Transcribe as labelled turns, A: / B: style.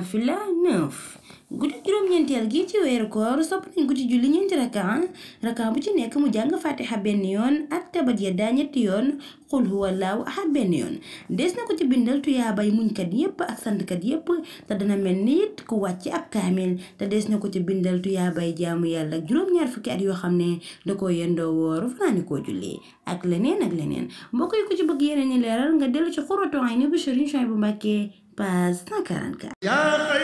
A: naafila 9 guddi juróom-ñeenteel gi ci weeru koor sopp nañ guddi julli ñeenti rakaa rakaa bu ci nekk mu jàng fatiha benn yoon ak tabat ya daa ñetti yoon xul huwallaahu ahad benn yoon des ko ci bindal tuyaabay muñkat yépp ak santkat yépp te dana mel ni it ku wàcc ab kaamil te des na ko ci bindal tuyaabay jaamu yàlla juróom-ñaar fukki at yoo xam ne da koo yendoo wooru fanaani koo jullee ak leneen ak leneen mbokk ko ci bëgg yeneen ñi leeral nga dellu ci xuratu ayni bu Sëriñ Suwaybu bu Mbàkke બસ ના કારણ Yeah.